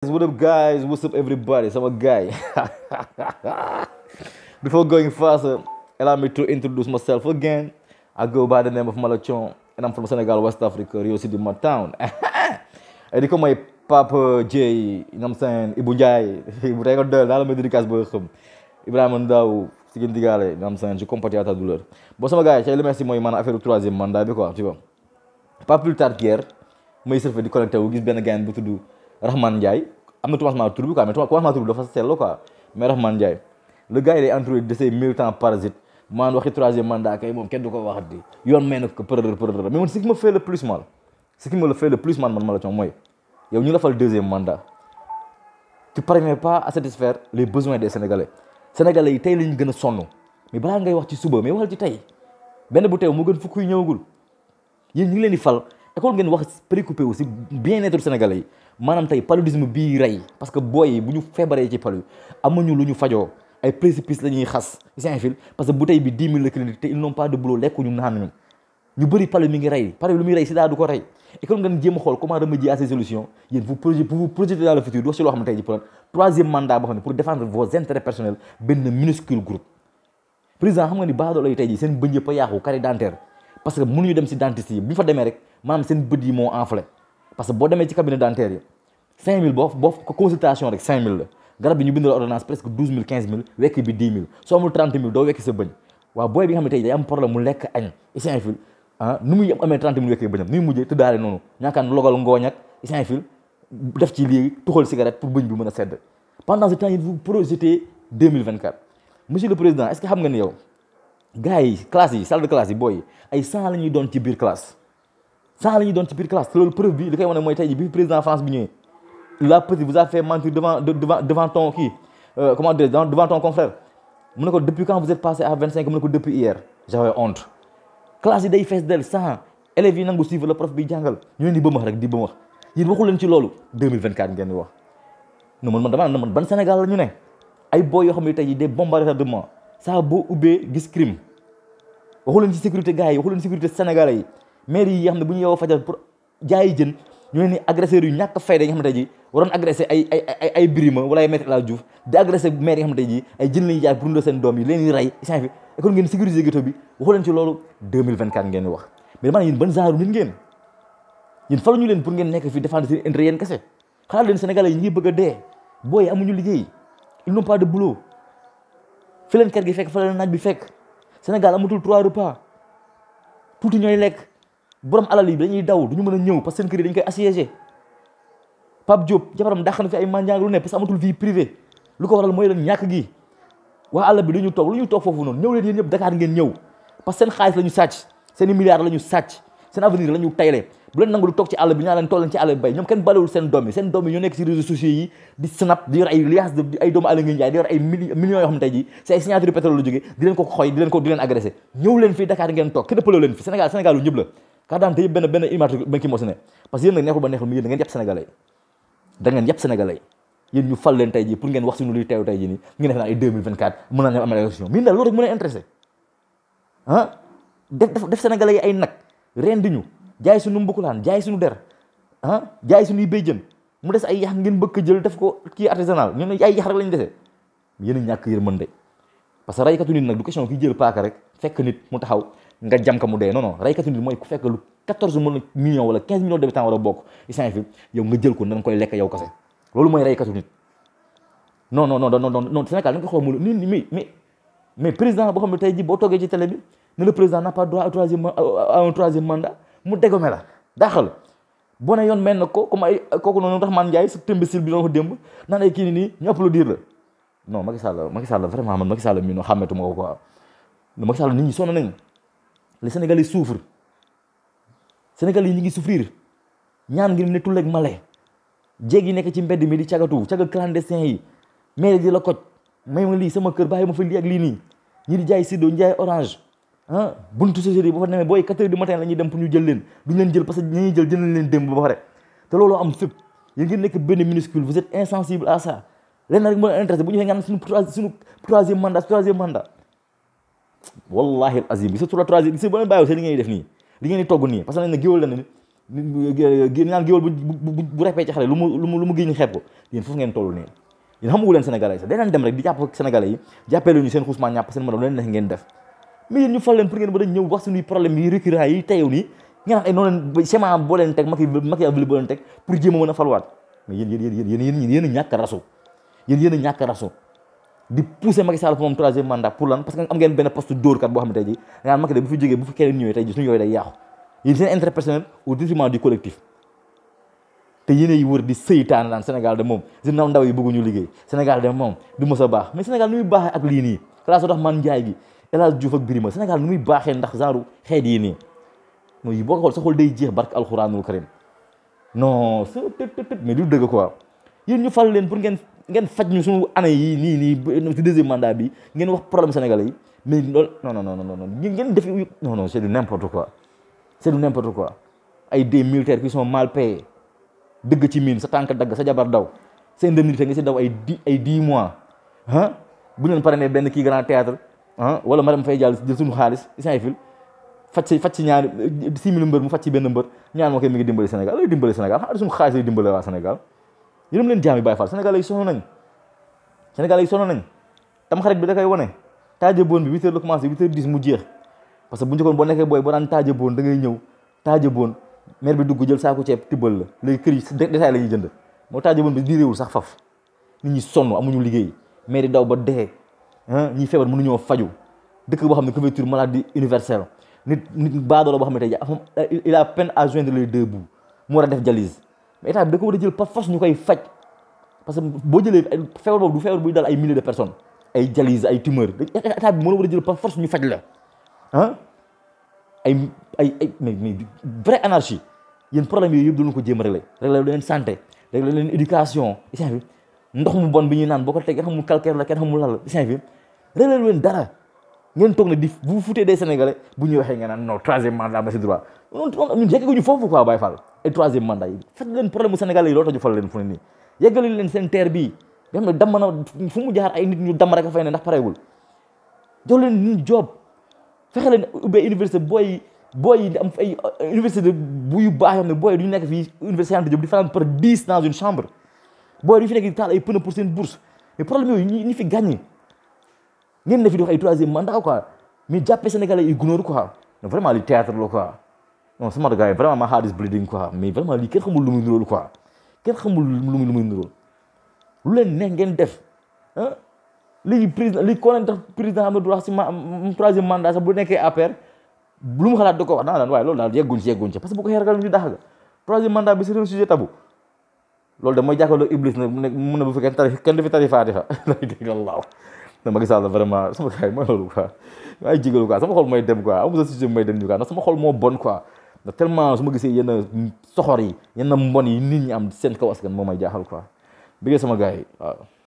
What up, guys? What's up, everybody? So I'm a guy. Before going faster, allow me to introduce again. I go by the name of Malachon, and I'm from Senegal, West Africa, Rio City, my town. and they call my Papa J, you know what I'm saying? Ibu Jai, Ibu Rekor Del, dalam medikasi berkem. Ibrahim Ndao, Bon, so my guy, j'ai le merci, moi, il m'a affaire au troisième mandat, quoi, tu vois. Pas plus tard qu'hier, moi, il s'est fait déconnecter, ou gis bien un gars, un bout Rahman Ndiaye am na commencement tur bi quoi mais commencement tur bi dafa seetlu quoi mais Rahman Ndiaye le gars il est entouré de ces militants parasites maanaam waxi troisième mandat kay moom kenn du ko waxati yoon may na ko përër përër mais man ce qui me fait le plus mal ce qui me fait le plus mal man ma la coono mooy yow ñu la fal deuxième mandat tu parviens pas à satisfaire les besoins des sénégalais sénégalais yi tey la ñu gën a sonn mais balaa ngay wax ci suba mais waxal ci tey benn bu teew mu gën fukk yu ñëwagul yéen ñu ngi leen di fal. xool ngeen wax préoccupé aussi bien-être sénégalais yi maanaam tey paludisme bii rey parce que booy bu ñu feebaree ci palu amuñu lu ñu fajoo ay précipice la ñuy xas sinfil parce que bouteille bi 10 la crédit te ils n'ont pas de boulot lekkuñu naanuñu ñu bëri palu mi ngi rey palu lu muy rey sida du ko rey et ngeen jéem a xool comment remédier à ces solutions yéen vous projet vous projeter dans le futur doo si loo xam ne tey ji pour troisième mandat boo parce que mënuñu dem si dentiste yi bu fa demee rek maanaam seen bët yi moo enflé parce que boo demee ci cabinet dentaire yi 5000 boo boo consultation rek garab bi ñu bind la ordonnance presque 12000 15000 wekk bi 10000 soo amul 30000 doo wekk sa bëñ waaw booy bi nga xam ne tey day am problème mu lekk añ issin fil ah nu muy amee 30000 wekkee bëñam nu muy mujjee tëddaale noonu ñaakaan logal ngooñ ak issin fil def ci lii tuxal cigarette gars yi classe yi salle de classe yi boy ay saa la ñuy doon ci biir classe saa la ñuy doon ci biir classe te loolu preuve bi li koy wane mooy tey bi président France bi ñëwee la petite vous a fait mentir devant devant devant ton kii euh, comment dire devant ton confrère mu ne ko depuis quand vous êtes passé à 25 mu ne ko depuis hier j'avais honte classe yi day fees del sans élève yi nangu suivre le prof bi jàngal ñu leen di bëmax rek di wax yéen waxul leen ci loolu 2024 ngeen di wax non man man damaa man ban Sénégal la ñu ne ay boy yoo xam ne tey jii des bombes retardement saa boo ubbee gis crime waxu leen ci sécurité gars yi waxu leen sécurité sénégalais yi maire yi xam ne bu ñu yeewoo fajar pour jaayi jën ñu ne agresseurs yu ñàkk fayda yi nga xamante ji waroon agressé ay ay ay ay Birima wala ay yi ay jën lañuy jaay pour dundal seen doom yi leen rey isaan fi kon ngeen sécuriser ghetto bi waxu leen ci loolu 2024 ngeen wax mais maanaam yéen ban genre nit ngeen yéen faluñu leen pour ngeen nekk fi défendre seen intérêt yéen kese xalaat leen sénégalais yi ñu ngi bëgg a dee booy liggéey ils n'ont pas de fi ker gi fekk fa leen naaj bi fekk Sénégal amatul trois repas tuuti ñooy lekk borom alal yi dañuy daw du ñu mën a ñëw parce seen kër dañu koy assiégé Pape Diop jabaram dàq na fi ay manjaang lu ne parce que amatul vie privée lu ko waral mooy leen ñàkk gi waa àll bi lu ñu toog ñu toog foofu noonu ñëw leen yéen ñëpp Dakar ngeen ñëw parce seen xaalis la ñu sàcc seen i milliards la ñu sàcc sen avenir lañu ñu bu len nangul tok ci Allah bi naa tolen ci Allah bay ñom ken balawul sen domi sen domi ñu nek ci réseaux sociaux yi di snap di yor ay lias de ay domi Allah ngeen jaay di yor ay millions yo xam tay ji c'est ay signature pétrole lu jogé di len ko xoy di len ko di len agresser ñew len fi Dakar ngeen tok kene ëppaloo len fi Sénégal Sénégal lu ñub la ka daan yëpp ben ben image benn ki mo sene parce que yéen nag neexul ba neexul mi yéen ngeen yapp Sénégalais da ngeen yapp Sénégalais yeen ñu fal len tay ji pour ngeen wax ci ñu li teew tay ji ni ngi def na ay 2024 mëna ñu am élection mi daal lu rek mëna a intéressé ah def def Sénégalais ay nak ren di ñu jaay suñu mbukulaan jaay suñu der ah jaay suñuy béjjën mu des ay yax ngeen bëgg a jël def ko kii artisanal ñu ne ay yax rek lañu dese yéen a ñàkk yërmande parce que raykatu nit nag du question ki jël paaka rek fekk nit mu taxaw nga jam ka mu dee non non raykatu nit mooy ku fekk lu 14 millions wala 15 millions d'habitants war a bokk isaan fi yow nga jël ko nan koy lekk yow kase loolu mooy raykatu nit non ne le président n'a pas droit au troisième euh, à un mu dégome la daaxal boo ne yoon mel na ko comme ay kooku noonu tax man Ndiaye sa tëmbisil bi doon ko démb naan ay kii nii nii ñu applaudir la non Macky Sall Macky Sall vraiment man Macky Sall mii noo xàmmeetuma ko quoi Macky Sall nit ñi sonn nañu les suuf souffrent Sénégalais yi ñu ngi souffrir ñaan ngir ne tulleeg male jéeg yi nekk ci mbedd mi di cagatu caga clandestin yi maire di la koj may ma lii sama kër bàyyi ma fa lii lii nii ñi di jaay siddo ñu jaay buntu séchers yi boo fa demee boy 4 heures du matin lañuy dem pour ñu jël leen duñ leen jël parce que ñi jël jël leen bu ba pare te lolu am fep yéen ngeen nek ben minuscule vous êtes eh, insensible à ça lén rek mo intéressé bu ñu fee nga suñu suñu troisième mandat troisième mandat wallahi al azim c'est nga troisième gis nga boo leen bàyyiwul li ngay def ni li ngay di togg ni parce que nañ ne géwal ni ne naan géwal bu bu répé ci xalé lu mu lu mu lu mu géñ xeeb ko yéen ngeen tollu ni yeen xamugulen sénégalais sa sax dem rek di japp sénégalais yi jappelu ñu seen xuusmaa ñap seen mën lu leen ngeen def mais yéen ñu fal pour ngeen mëna ñëw wax suñu problème yi récurrent yi tayew ni nga naan ay eh, non leen schéma boo leen teg makki Macky Avali boo leen teg pour jëm mëna fal waat faluwaat yeen yeen yeen yeen yeen yéen yéen a ñàkk a rasu yéen yéen a rasu di pousser Macky Sall pour 3e mandat pour lan parce que am ngeen ben poste dóorkat boo xam ne tey jii nga naan Macky bu fi jógee bu fi keneen ñëwee tay ji suñu yoy day yaax yeen seen interpersonnel au détriment du collectif té te yi wër di seytane lan Sénégal de mom ci ndaw ndaw yi bëggu ñu liggéey Sénégal de mom du mësa baax mais Sénégal ñuy baax ak li ni classe tax man njaay gi El Hadj Diouf ak Birima Sénégal nu muy baaxee ndax genre xeet yi nii non yi boo ko xool sa xol day jeex barke du dëgg quoi yéen ñu fal leen pour ngeen ngeen faj ñu suñu année yi nii nii ci deuxième mandat bi ngeen wax problème sénégalais yi mais loolu non non non non ngeen def non non c'est du n'importe quoi c'est du n'importe quoi ay des militaires qui sont mal payés dëgg ci mine sa tànk dagg sa jabar daw sa indemnité nga si daw ay di ay dix mois bu ñu leen parrainé benn kii grand théâtre ah wala Marième Faye Diallo jël suñu xaalis Ismaïla Fil faj si faj si ñaari six mille mbër mu faj si benn mbër ñaan moo koy mi ngi dimbali Sénégal lay dimbali Sénégal xaalis suñu xaalis lay dimbali waa Sénégal yërëm leen jaam sono nañ Sénégal lay sono nañ tam xarit bi da koy wane taaja boon bi huit heures mu jeex parce que bu njëkkoon boo nekkee booy boo daan taaja boon da ngay bi dugg jël saako ceeb tibbal la léegi kër yi jënd moo taaja boon bi di réewul sax faf nit ñi sonn amuñu liggéey maire yi daw ba dee ñi feebar mënuñoo faju dëkk boo xam ne couverture maladie universelle nit nit baadoola boo xam ne tey il a peine à joindre les deux bouts mu war a def dialyse mais état bi da ko war a jël par force ñu koy faj parce que boo jëlee feebar boobu du feebar buy dal ay milliers de personnes ay dialyse ay tumeur état bi moo la war a jël par force ñu faj la ah ay ay ay mais mais vraie anarchie yéen problème yooyu yëpp doon ko jéem a réglé réglé leen santé réglé leen éducation isin bi ndox mu bon bi ñu naan boo ko teg kenn xamul calcaire la kenn réeral leen dara ngeen toog ne di vous foutez des sénégalais bu ñuy waxee nga naan non troisième mandat ba si droit ñun yeggaguñu foofu quoi Baye Fall et troisième mandat ñu fal leen fu ne nii na fu mu jaar ay nit ñu damm rek a fay ne ndax leen booy booy ay université buyu baax yoo xam ne du nekk fii université Anta Diop di fanaan par dix dans une chambre booy du ñu fi nekk problème yooyu ñi fi gàññi ngeen ne fi di wax ay troisième mandat quoi mais jàppe Sénégalais ma heart is bleeding quoi lu muy niróol lu muy muy niróol lu leen neex ngeen def ah léegi président léegi koo leen tax président am na si ma mm, troisième mandat bu nekkee APR lu mu xalaat ko waaye loolu daal yegguñ ci yegguñ ci parce que bu ko xeergal ñu dax ga troisième mandat bi c'est un sujet tabou loolu da mooy jàkkaarloo iblis nag mu ne bu fekkee tarif kenn du fi tarifaati fa ne Macky Sall vraiment sama gars yi mooy loolu quoi ay jigalu quoi sama xol mooy dem quoi amul sa sujet mooy dem ñu quoi ndax sama xol moo bon quoi ndax tellement su ma gisee yenn soxor yi yenn mbon yi nit ñi am seen kaw askan moo may jaaxal quoi bëggee sama gars ah. yi waaw